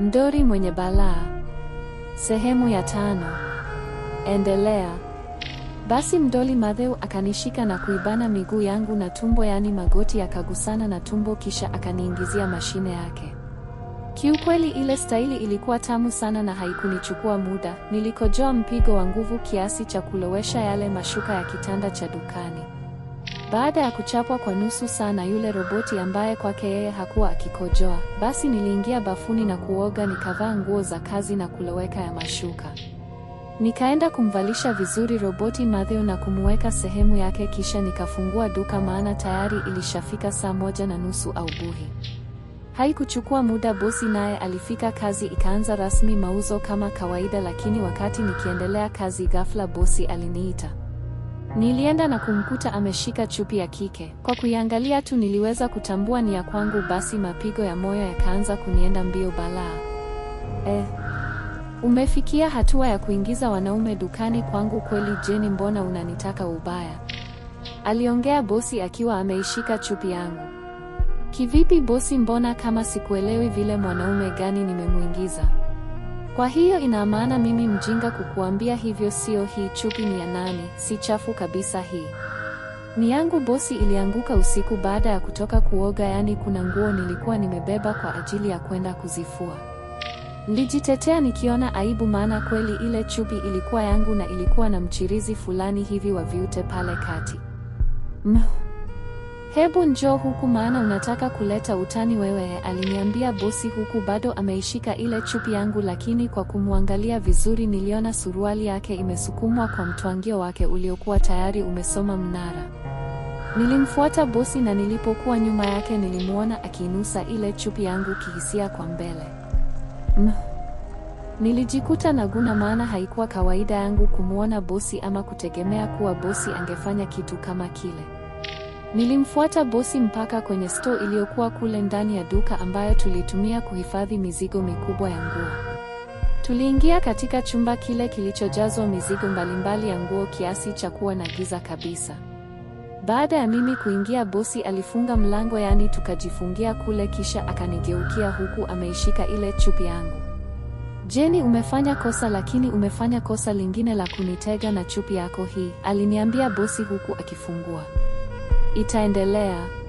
Mdori mwenye balaa, sehemu ya tano. Endelea. Basi Mdoli Madheu akanishika na kuibana miguu yangu na tumbo, yaani magoti yakagusana na tumbo, kisha akaniingizia mashine yake. Kiukweli ile staili ilikuwa tamu sana na haikunichukua muda. Nilikojoa mpigo wa nguvu kiasi cha kulowesha yale mashuka ya kitanda cha dukani. Baada ya kuchapwa kwa nusu saa na yule roboti ambaye kwake yeye hakuwa akikojoa, basi niliingia bafuni na kuoga, nikavaa nguo za kazi na kuloweka ya mashuka. Nikaenda kumvalisha vizuri roboti Matthew na kumweka sehemu yake, kisha nikafungua duka, maana tayari ilishafika saa moja na nusu aubuhi. Haikuchukua muda, bosi naye alifika, kazi ikaanza rasmi mauzo kama kawaida, lakini wakati nikiendelea kazi, ghafla bosi aliniita. Nilienda na kumkuta ameshika chupi ya kike. Kwa kuiangalia tu niliweza kutambua ni ya kwangu, basi mapigo ya moyo yakaanza kunienda mbio balaa. Eh, umefikia hatua ya kuingiza wanaume dukani kwangu kweli Jeni, mbona unanitaka ubaya? Aliongea bosi akiwa ameishika chupi yangu. Kivipi bosi, mbona kama sikuelewi vile mwanaume gani nimemwingiza? Kwa hiyo ina maana mimi mjinga kukuambia hivyo, siyo? Hii chupi ni ya nani? Si chafu kabisa hii. Ni yangu bosi, ilianguka usiku baada ya kutoka kuoga, yaani kuna nguo nilikuwa nimebeba kwa ajili ya kwenda kuzifua. Nilijitetea nikiona aibu, maana kweli ile chupi ilikuwa yangu na ilikuwa na mchirizi fulani hivi wa viute pale kati. Hebu njoo huku maana unataka kuleta utani wewe, aliniambia bosi huku bado ameishika ile chupi yangu, lakini kwa kumwangalia vizuri niliona suruali yake imesukumwa kwa mtwangio wake uliokuwa tayari umesoma mnara. Nilimfuata bosi na nilipokuwa nyuma yake nilimwona akiinusa ile chupi yangu kihisia kwa mbele. Mm. Nilijikuta naguna maana haikuwa kawaida yangu kumwona bosi ama kutegemea kuwa bosi angefanya kitu kama kile. Nilimfuata bosi mpaka kwenye store iliyokuwa kule ndani ya duka ambayo tulitumia kuhifadhi mizigo mikubwa ya nguo. Tuliingia katika chumba kile kilichojazwa mizigo mbalimbali ya nguo kiasi cha kuwa na giza kabisa. Baada ya mimi kuingia, bosi alifunga mlango, yaani tukajifungia kule, kisha akanigeukia huku ameishika ile chupi yangu. Jeni, umefanya kosa, lakini umefanya kosa lingine la kunitega na chupi yako hii, aliniambia bosi huku akifungua itaendelea.